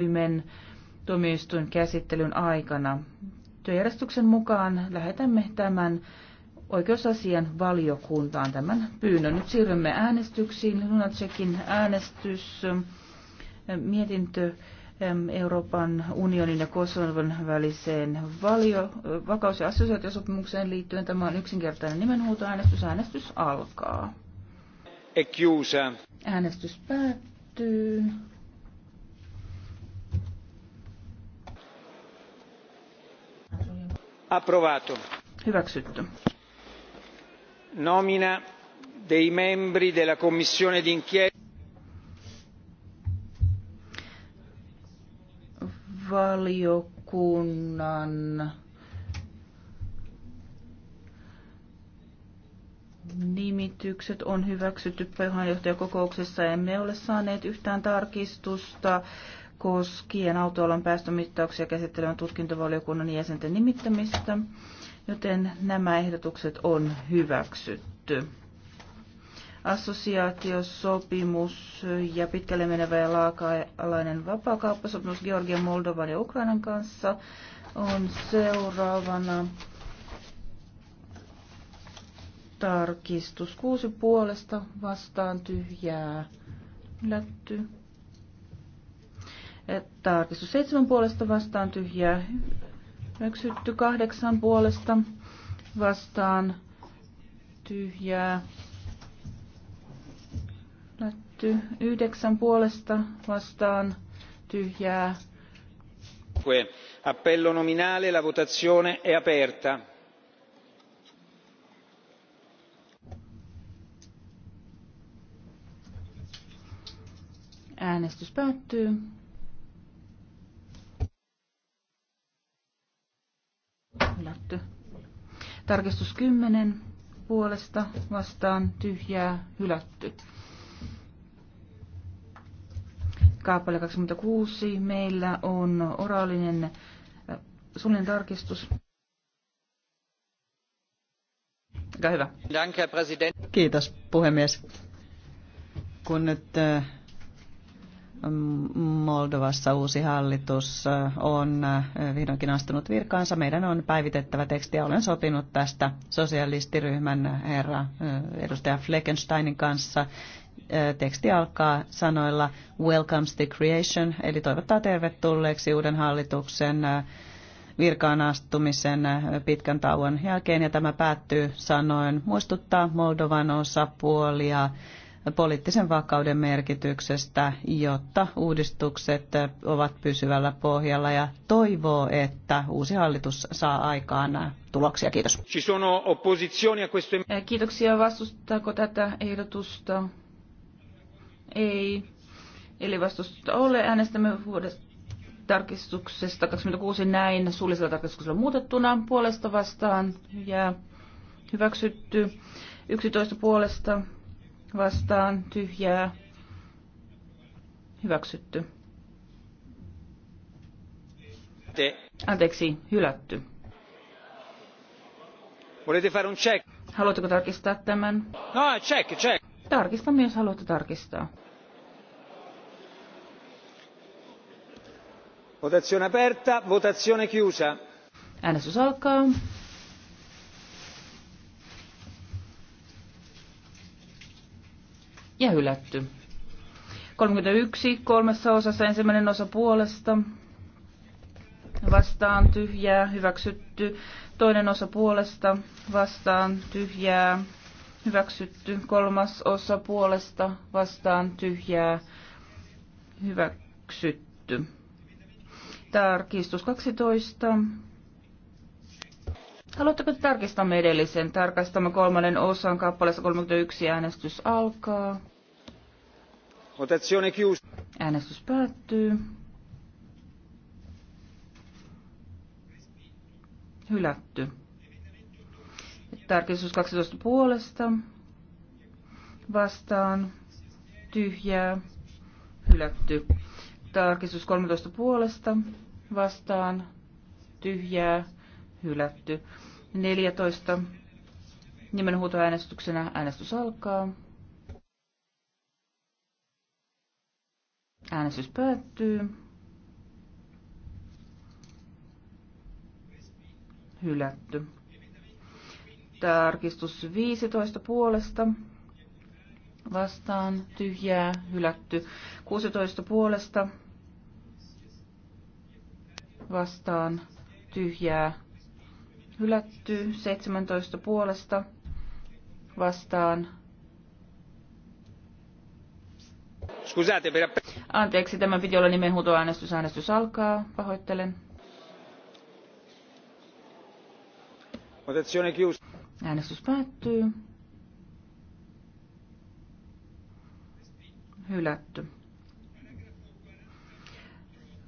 Ymen tuomioistuin käsittelyn aikana. Työjärjestyksen mukaan lähetämme tämän oikeusasian valiokuntaan tämän pyynnön. Nyt siirrymme äänestyksiin. Lunacekin äänestys, mietintö Euroopan unionin ja Kosovon väliseen valio, vakaus- ja assosiaatiosopimukseen liittyen. Tämä on yksinkertainen nimenhuutoäänestys. Äänestys alkaa. Äänestys päättyy. Approvato. Hyväksytty. Nomina dei membri della commissione d'inchiesta. Valiokunnan nimitykset on hyväksytty puheenjohtajakokouksessa. Emme ole saaneet yhtään tarkistusta koskien autoalan päästömittauksia käsittelevän tutkintovaliokunnan jäsenten nimittämistä, joten nämä ehdotukset on hyväksytty. Assosiaatiosopimus ja pitkälle menevä ja laaka-alainen vapaakauppasopimus Georgian, Moldovan ja Ukrainan kanssa on seuraavana tarkistus. Kuusi puolesta vastaan tyhjää. Lätty. Tarkistus seitsemän puolesta vastaan tyhjää hyväksytty. Kahdeksan puolesta vastaan tyhjää lätty Yhdeksän puolesta vastaan tyhjää. Appello nominale, la votazione è aperta. Äänestys päättyy. Tarkistus 10 puolesta vastaan tyhjää hylätty. Kaapale 26. Meillä on oraalinen äh, suullinen tarkistus. Kiitos puhemies. Kun nyt äh, Moldovassa uusi hallitus äh, on äh, vihdoinkin astunut virkaansa. Meidän on päivitettävä tekstiä. Olen sopinut tästä sosialistiryhmän herra äh, edustaja Fleckensteinin kanssa. Teksti alkaa sanoilla "Welcome to creation, eli toivottaa tervetulleeksi uuden hallituksen virkaan astumisen pitkän tauon jälkeen. Ja tämä päättyy sanoen muistuttaa Moldovan osapuolia poliittisen vakauden merkityksestä, jotta uudistukset ovat pysyvällä pohjalla ja toivoo, että uusi hallitus saa aikaan tuloksia. Kiitos. Eh, kiitoksia. Vastustaako tätä ehdotusta? Ei. Eli vastustusta ole. Äänestämme vuodesta tarkistuksesta 26 näin suullisella tarkistuksella muutettuna puolesta vastaan ja hyväksytty 11 puolesta vastaan tyhjää hyväksytty. Anteeksi, hylätty. Volete fare un check? Haluatteko tarkistaa tämän? No, check, check. Tarkistamme, jos haluatte tarkistaa. Votazione aperta, votazione chiusa. Äänestys alkaa. ja hylätty. 31 kolmessa osassa ensimmäinen osa puolesta. Vastaan tyhjää, hyväksytty. Toinen osa puolesta, vastaan tyhjää, hyväksytty. Kolmas osa puolesta, vastaan tyhjää, hyväksytty. Tarkistus 12. Haluatteko tarkistamme edellisen? Tarkastamme kolmannen osan kappaleessa 31 äänestys alkaa. Votazione chiusa. Äänestys päättyy. Hylätty. Tarkistus 12 puolesta. Vastaan. Tyhjää. Hylätty. Tarkistus 13 puolesta. Vastaan. Tyhjää. Hylätty. 14. Nimenhuutoäänestyksenä äänestys alkaa. Äänestys päättyy. Hylätty. Tarkistus 15 puolesta. Vastaan tyhjää, hylätty. 16 puolesta. Vastaan tyhjää, hylätty. 17 puolesta. Vastaan Anteeksi, tämä piti olla nimenhuutoäänestys. Äänestys alkaa. Pahoittelen. Äänestys päättyy. Hylätty.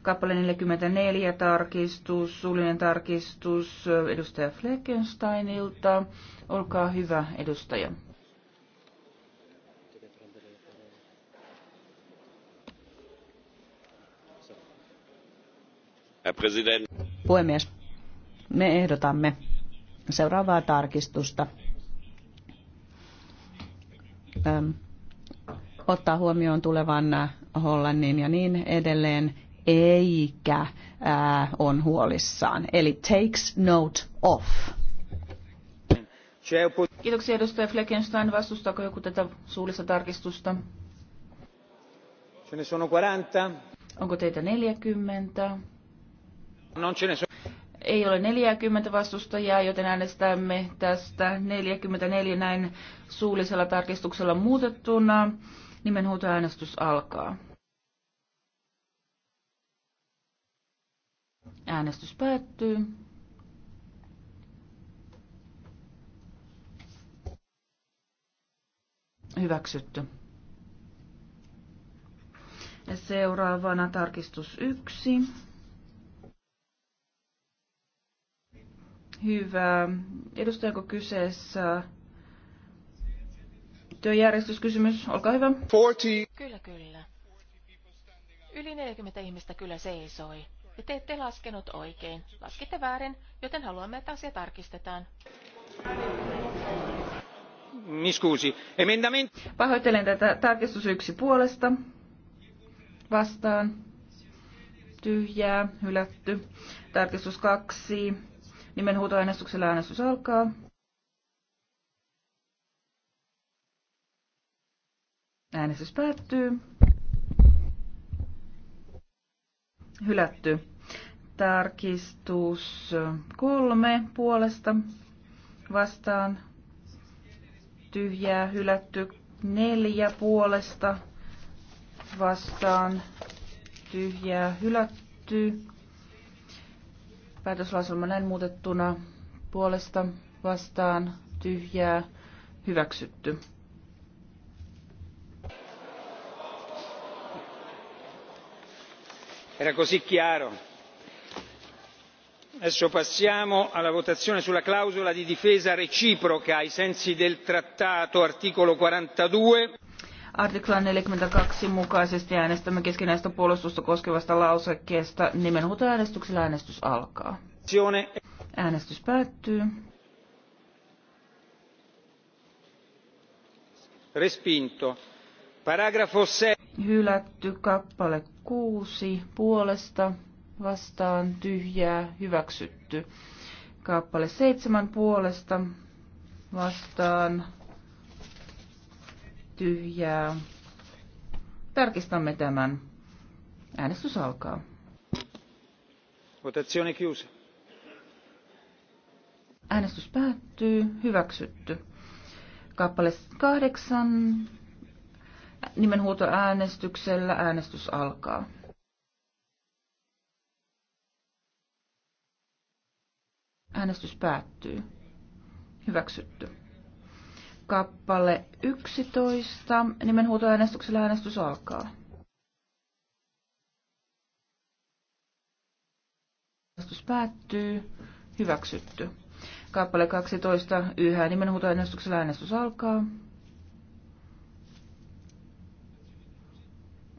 Kappale 44, tarkistus, suullinen tarkistus edustaja Fleckensteinilta. Olkaa hyvä, edustaja. Puhemies, me ehdotamme seuraavaa tarkistusta. Ähm, ottaa huomioon tulevan äh, Hollannin ja niin edelleen, eikä ää, äh, on huolissaan. Eli takes note of. Kiitoksia edustaja Fleckenstein. Vastustaako joku tätä suullista tarkistusta? Ce ne sono 40. Onko teitä 40? Ei ole 40 vastustajaa, joten äänestämme tästä 44 näin suullisella tarkistuksella muutettuna. Nimenhuutoäänestys alkaa. Äänestys päättyy. Hyväksytty. Ja seuraavana tarkistus 1. hyvä. Edustajako kyseessä työjärjestyskysymys? Olkaa hyvä. 40. Kyllä, kyllä. Yli 40 ihmistä kyllä seisoi. Ja te ette laskenut oikein. Laskitte väärin, joten haluamme, että asia tarkistetaan. Miskuusi. Emendament. Pahoittelen tätä tarkistus yksi puolesta. Vastaan. Tyhjää, hylätty. Tarkistus kaksi Nimenhuutoäänestyksellä äänestys alkaa. Äänestys päättyy. Hylätty. Tarkistus kolme puolesta vastaan. Tyhjää hylätty neljä puolesta vastaan. Tyhjää hylätty Päätöslauselma näin muutettuna puolesta vastaan tyhjää hyväksytty. Era così chiaro. Adesso passiamo alla votazione sulla clausola di difesa reciproca ai sensi del trattato articolo 42. Artiklan 42 mukaisesti äänestämme keskinäistä puolustusta koskevasta lausekkeesta. Nimenhuutoäänestyksellä äänestys alkaa. Äänestys päättyy. Respinto. Paragrafo se. Hylätty kappale kuusi puolesta vastaan tyhjää hyväksytty. Kappale seitsemän puolesta vastaan tyhjää. Tarkistamme tämän. Äänestys alkaa. Votazione chiusa. Äänestys päättyy. Hyväksytty. Kappale kahdeksan. Nimenhuuto äänestyksellä. Äänestys alkaa. Äänestys päättyy. Hyväksytty kappale 11. Nimenhuutoäänestyksellä äänestys alkaa. Äänestys päättyy. Hyväksytty. Kappale 12. Yhä nimenhuutoäänestyksellä äänestys alkaa.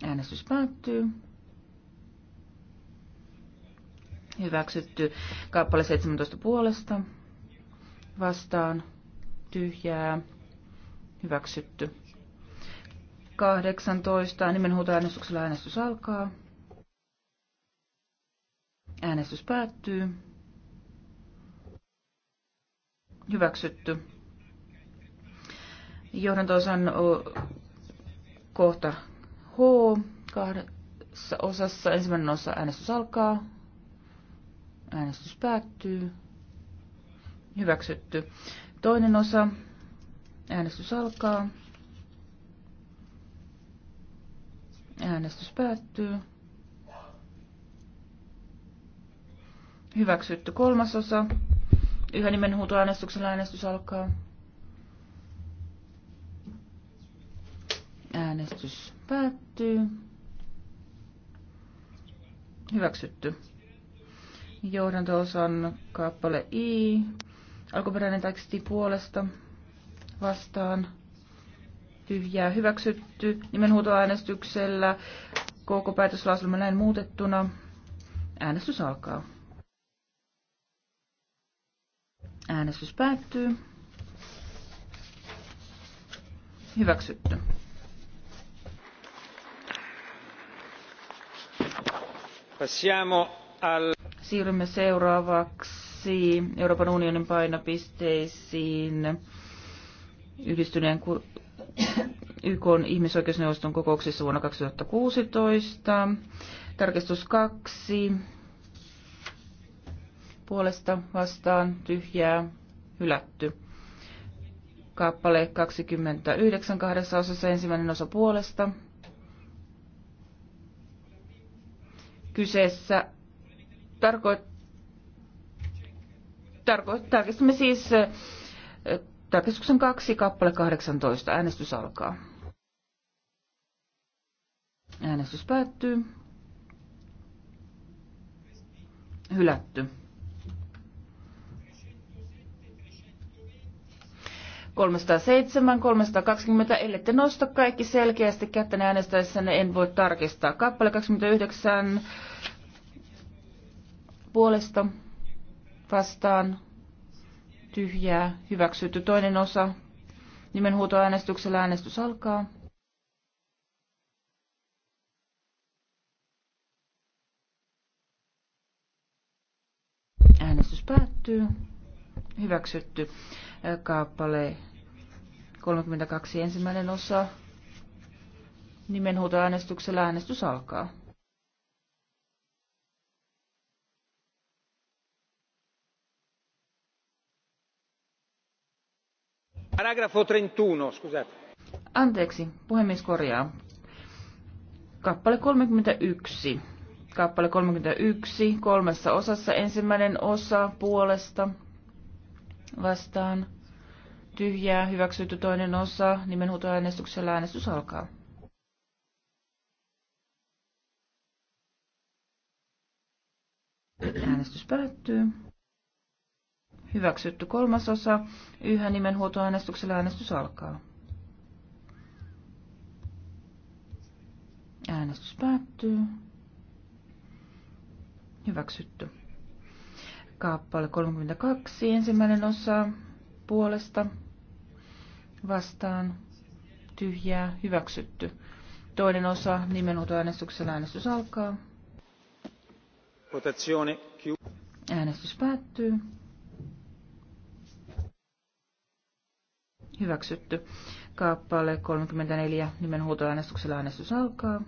Äänestys päättyy. Hyväksytty. Kappale 17 puolesta. Vastaan. Tyhjää. Hyväksytty. 18. Nimenhuutoäänestyksellä äänestys alkaa. Äänestys päättyy. Hyväksytty. Johdantoosan kohta H kahdessa osassa. Ensimmäinen osa äänestys alkaa. Äänestys päättyy. Hyväksytty. Toinen osa Äänestys alkaa. Äänestys päättyy. Hyväksytty kolmasosa. Yhä nimenhuutoäänestyksellä äänestys alkaa. Äänestys päättyy. Hyväksytty. Johdanto-osan kappale I. Alkuperäinen teksti puolesta vastaan tyhjää hyväksytty nimenhuutoäänestyksellä. Koko päätöslauselma näin muutettuna. Äänestys alkaa. Äänestys päättyy. Hyväksytty. Passiamo al... Siirrymme seuraavaksi Euroopan unionin painopisteisiin yhdistyneen YK ihmisoikeusneuvoston kokouksessa vuonna 2016. Tarkistus kaksi. Puolesta vastaan tyhjää hylätty. Kappale 29 kahdessa osassa ensimmäinen osa puolesta. Kyseessä tarkoittaa tarkoittaa. Tarkistamme siis Tarkistuksen kaksi kappale 18. Äänestys alkaa. Äänestys päättyy. Hylätty. 307, 320, ellette nosta kaikki selkeästi kätten äänestäessänne, en voi tarkistaa. Kappale 29 puolesta vastaan tyhjää, hyväksytty. Toinen osa, nimenhuutoäänestyksellä äänestys alkaa. Äänestys päättyy. Hyväksytty. kaappale 32 ensimmäinen osa. Nimenhuutoäänestyksellä äänestys alkaa. Anteeksi, puhemies korjaa. Kappale 31. Kappale 31 kolmessa osassa. Ensimmäinen osa puolesta vastaan. Tyhjää hyväksytty toinen osa. Nimenhuutoäänestyksellä äänestys alkaa. Äänestys päättyy. Hyväksytty kolmasosa. Yhä nimen huutoäänestyksellä äänestys alkaa. Äänestys päättyy. Hyväksytty. Kaappale 32, ensimmäinen osa puolesta vastaan tyhjää hyväksytty. Toinen osa nimenhuutoäänestyksellä äänestys alkaa. Äänestys päättyy. Hyväksytty. Kappale 34. Nimen huutoäänestyksellä äänestys alkaa.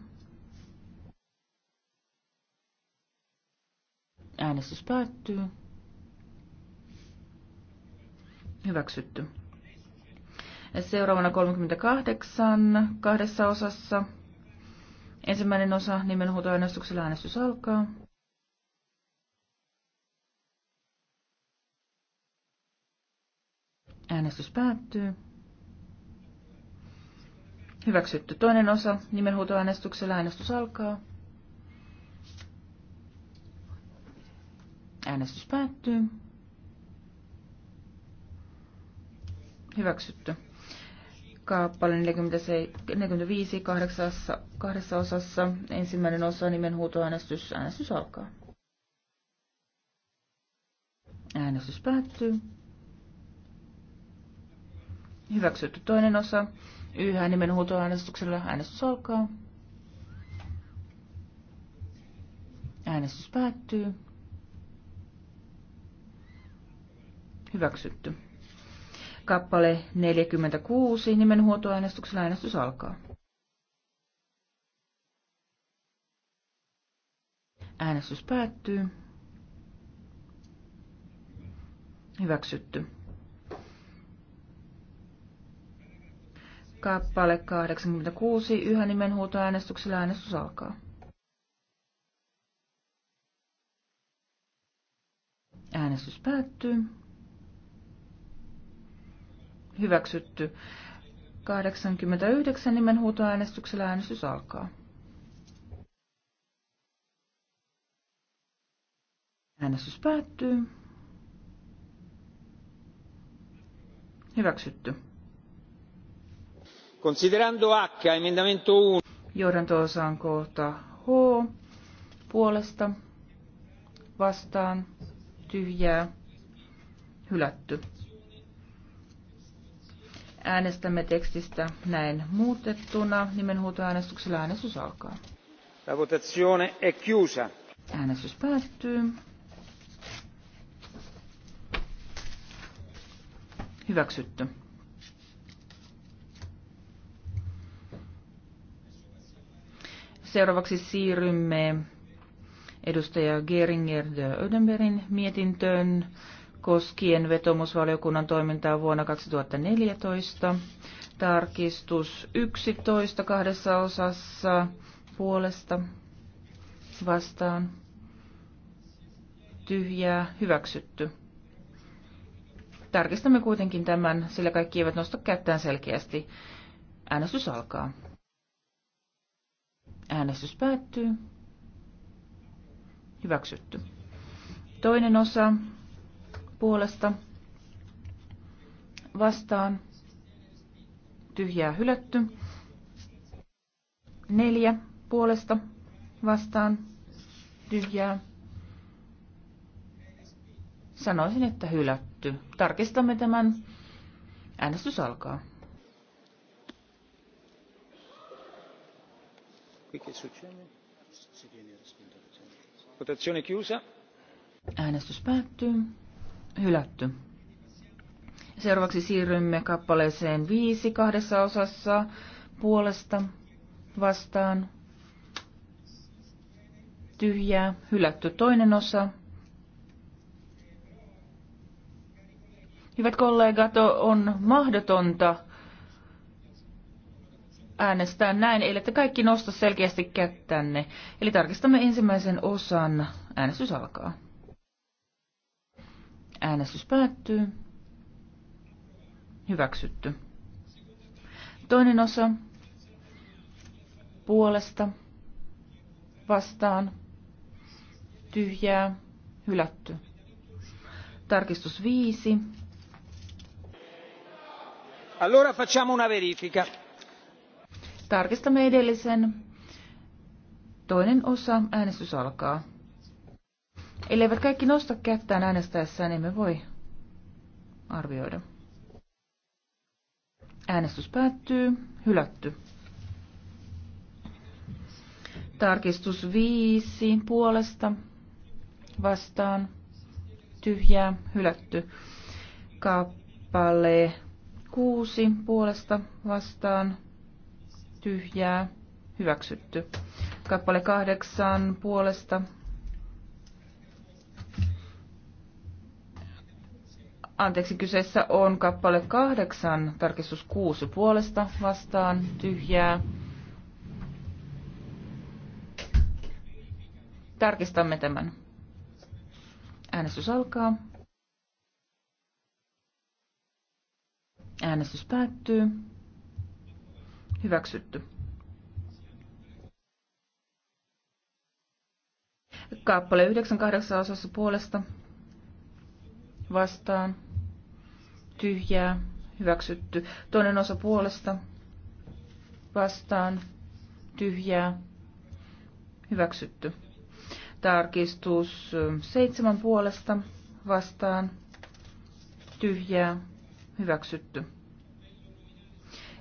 Äänestys päättyy. Hyväksytty. Seuraavana 38 kahdessa osassa. Ensimmäinen osa nimenhuutoäänestyksellä äänestys alkaa. Äänestys päättyy. Hyväksytty toinen osa. Nimenhuutoäänestyksellä äänestys alkaa. Äänestys päättyy. Hyväksytty. Kaappale 45 kahdeksassa, kahdessa osassa. Ensimmäinen osa nimenhuutoäänestys. Äänestys alkaa. Äänestys päättyy. Hyväksytty toinen osa. Yhä nimen huutoäänestyksellä äänestys alkaa. Äänestys päättyy. Hyväksytty. Kappale 46. Nimen huutoäänestyksellä äänestys alkaa. Äänestys päättyy. Hyväksytty. Kappale 86. Yhä nimenhuutoäänestyksellä äänestys alkaa. Äänestys päättyy. Hyväksytty. 89 nimenhuutoäänestyksellä äänestys alkaa. Äänestys päättyy. Hyväksytty. Considerando H, emendamento 1. Johdanto-osaan kohta H, puolesta, vastaan, tyhjää, hylätty. Äänestämme tekstistä näin muutettuna. Nimenhuutoäänestyksellä äänestys alkaa. La votazione è chiusa. Äänestys päättyy. Hyväksytty. Seuraavaksi siirrymme edustaja Geringer de Ödenbergin mietintöön koskien vetomusvaliokunnan toimintaa vuonna 2014. Tarkistus 11 kahdessa osassa puolesta vastaan tyhjää hyväksytty. Tarkistamme kuitenkin tämän, sillä kaikki eivät nosta kättään selkeästi. Äänestys alkaa. Äänestys päättyy. Hyväksytty. Toinen osa puolesta vastaan. Tyhjää hylätty. Neljä puolesta vastaan. Tyhjää. Sanoisin, että hylätty. Tarkistamme tämän. Äänestys alkaa. Qui che succede? Si Votazione chiusa. Äänestys päättyy. Hylätty. Seuraavaksi siirrymme kappaleeseen viisi kahdessa osassa puolesta vastaan tyhjää, hylätty toinen osa. Hyvät kollegat, on mahdotonta äänestää näin, eli että kaikki nosta selkeästi kättänne. Eli tarkistamme ensimmäisen osan. Äänestys alkaa. Äänestys päättyy. Hyväksytty. Toinen osa puolesta vastaan tyhjää hylätty. Tarkistus viisi. Allora facciamo una verifica. Tarkistamme edellisen. Toinen osa. Äänestys alkaa. Elleivät kaikki nosta kättään äänestäessään, emme voi arvioida. Äänestys päättyy. Hylätty. Tarkistus 5 puolesta vastaan. Tyhjää. Hylätty. Kappale 6 puolesta vastaan tyhjää, hyväksytty. Kappale kahdeksan puolesta. Anteeksi, kyseessä on kappale kahdeksan, tarkistus kuusi puolesta vastaan, tyhjää. Tarkistamme tämän. Äänestys alkaa. Äänestys päättyy. Hyväksytty. Kappale 98 osassa puolesta vastaan. Tyhjää. Hyväksytty. Toinen osa puolesta vastaan. Tyhjää. Hyväksytty. Tarkistus seitsemän puolesta vastaan. Tyhjää. Hyväksytty.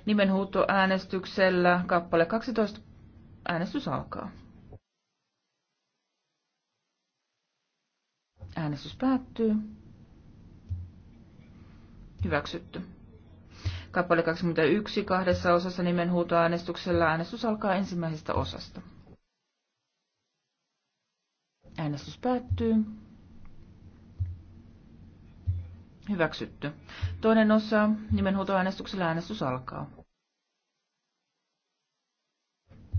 Nimenhuutoäänestyksellä kappale 12. Äänestys alkaa. Äänestys päättyy. Hyväksytty. Kappale 21 kahdessa osassa nimenhuutoäänestyksellä äänestys alkaa ensimmäisestä osasta. Äänestys päättyy. Hyväksytty. Toinen osa nimenhuutoäänestyksellä äänestys alkaa.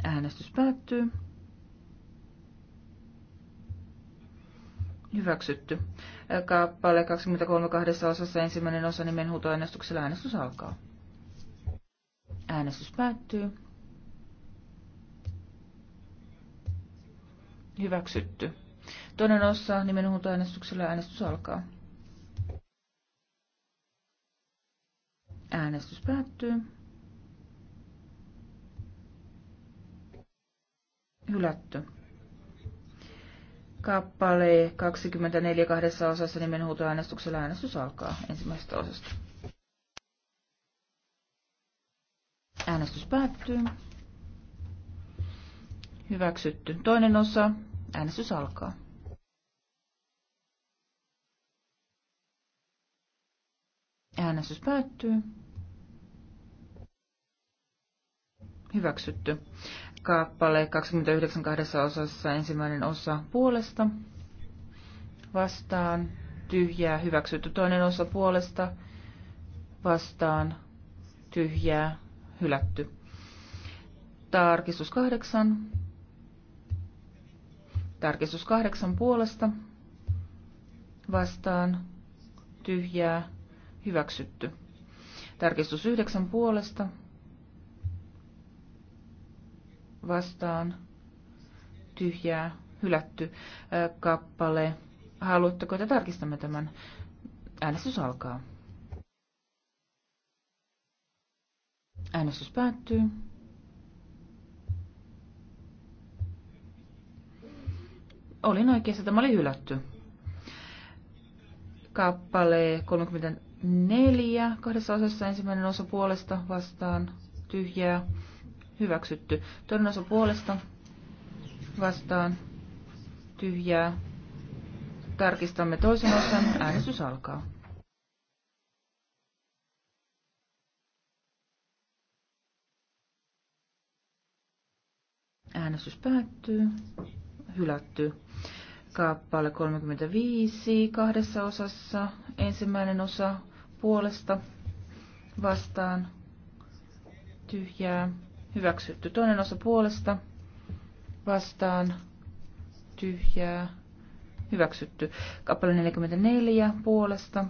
Äänestys päättyy. Hyväksytty. Kappale 23 kahdessa osassa ensimmäinen osa nimen huutoäänestyksellä äänestys alkaa. Äänestys päättyy. Hyväksytty. Toinen osa nimen huutoäänestyksellä äänestys alkaa. Äänestys päättyy. hylätty. Kappale 24 kahdessa osassa nimenhuutoäänestyksellä äänestys alkaa ensimmäisestä osasta. Äänestys päättyy. Hyväksytty. Toinen osa. Äänestys alkaa. Äänestys päättyy. Hyväksytty kappale 29 kahdessa osassa ensimmäinen osa puolesta vastaan tyhjää hyväksytty toinen osa puolesta vastaan tyhjää hylätty. Tarkistus kahdeksan. Tarkistus kahdeksan puolesta vastaan tyhjää hyväksytty. Tarkistus yhdeksän puolesta vastaan tyhjää hylätty kappale. Haluatteko, että tarkistamme tämän? Äänestys alkaa. Äänestys päättyy. Olin oikeassa, tämä oli hylätty. Kappale 34, kahdessa osassa ensimmäinen osa puolesta vastaan, tyhjää, hyväksytty. Toinen osa puolesta vastaan tyhjää. Tarkistamme toisen osan. Äänestys alkaa. Äänestys päättyy. Hylätty. Kaappale 35 kahdessa osassa. Ensimmäinen osa puolesta vastaan tyhjää Hyväksytty. Toinen osa puolesta. Vastaan. Tyhjää. Hyväksytty. Kappale 44 puolesta.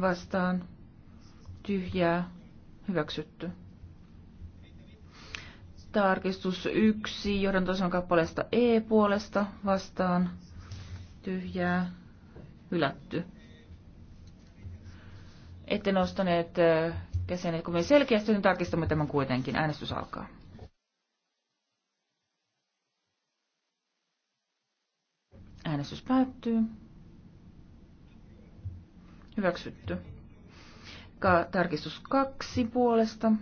Vastaan. Tyhjää. Hyväksytty. Tarkistus 1. Johdantosan kappaleesta E puolesta. Vastaan. Tyhjää. Hylätty ette nostaneet jäsenet me selkeästi, niin tarkistamme tämän kuitenkin. Äänestys alkaa. Äänestys päättyy. Hyväksytty. Ka- tarkistus kaksi puolesta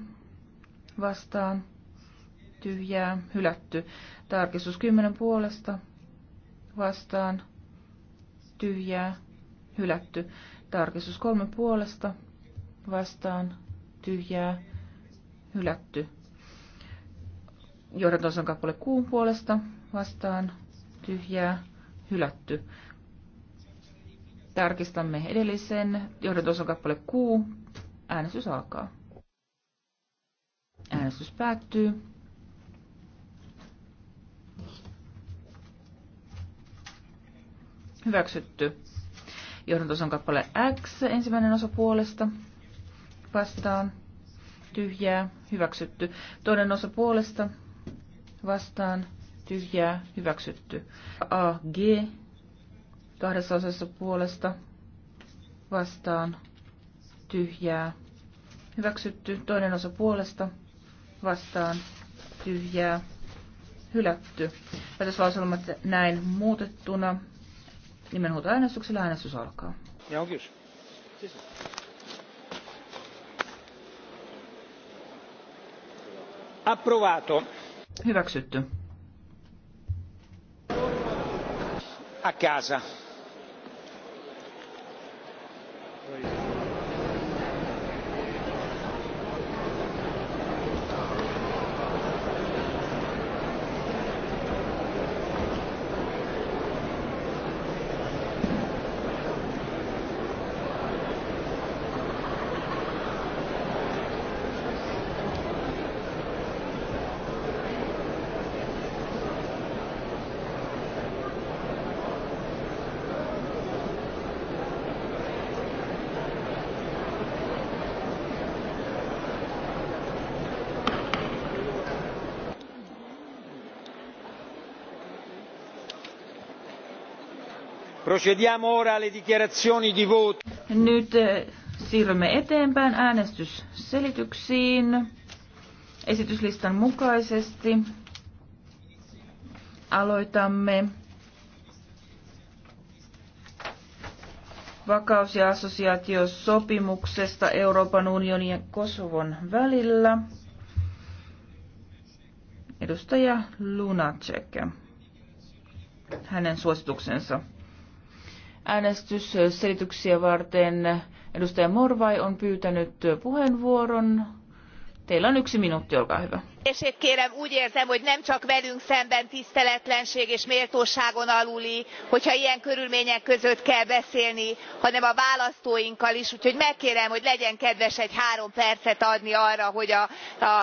vastaan. Tyhjää. Hylätty. Tarkistus kymmenen puolesta vastaan. Tyhjää. Hylätty. Tarkistus kolme puolesta vastaan tyhjää, hylätty. Johdatonsan kappale kuun puolesta vastaan, tyhjää, hylätty. Tarkistamme edellisen. Johdatonsan kappale kuu. Äänestys alkaa. Äänestys päättyy. Hyväksytty. Johdantoson kappale X, ensimmäinen osa puolesta, vastaan, tyhjää, hyväksytty. Toinen osa puolesta vastaan, tyhjää, hyväksytty. A, G, kahdessa osassa puolesta vastaan, tyhjää, hyväksytty. Toinen osa puolesta vastaan, tyhjää, hylätty. Päätöslauselmat näin muutettuna. äänestyksellä äänestys alkaa. Ja on kysymys. Approvato. Hyväksytty. A casa. Procediamo ora alle dichiarazioni di voto. Nyt eh, siirrymme eteenpäin äänestysselityksiin esityslistan mukaisesti. Aloitamme vakaus- ja assosiaatiosopimuksesta Euroopan unionin ja Kosovon välillä. Edustaja Lunacek, hänen suosituksensa äänestysselityksiä varten edustaja Morvai on pyytänyt puheenvuoron. Teillä on yksi minuutti, olkaa hyvä. Elnézést kérem, úgy érzem, hogy nem csak velünk szemben tiszteletlenség és méltóságon aluli, hogyha ilyen körülmények között kell beszélni, hanem a választóinkkal is. Úgyhogy megkérem, hogy legyen kedves egy három percet adni arra, hogy a, a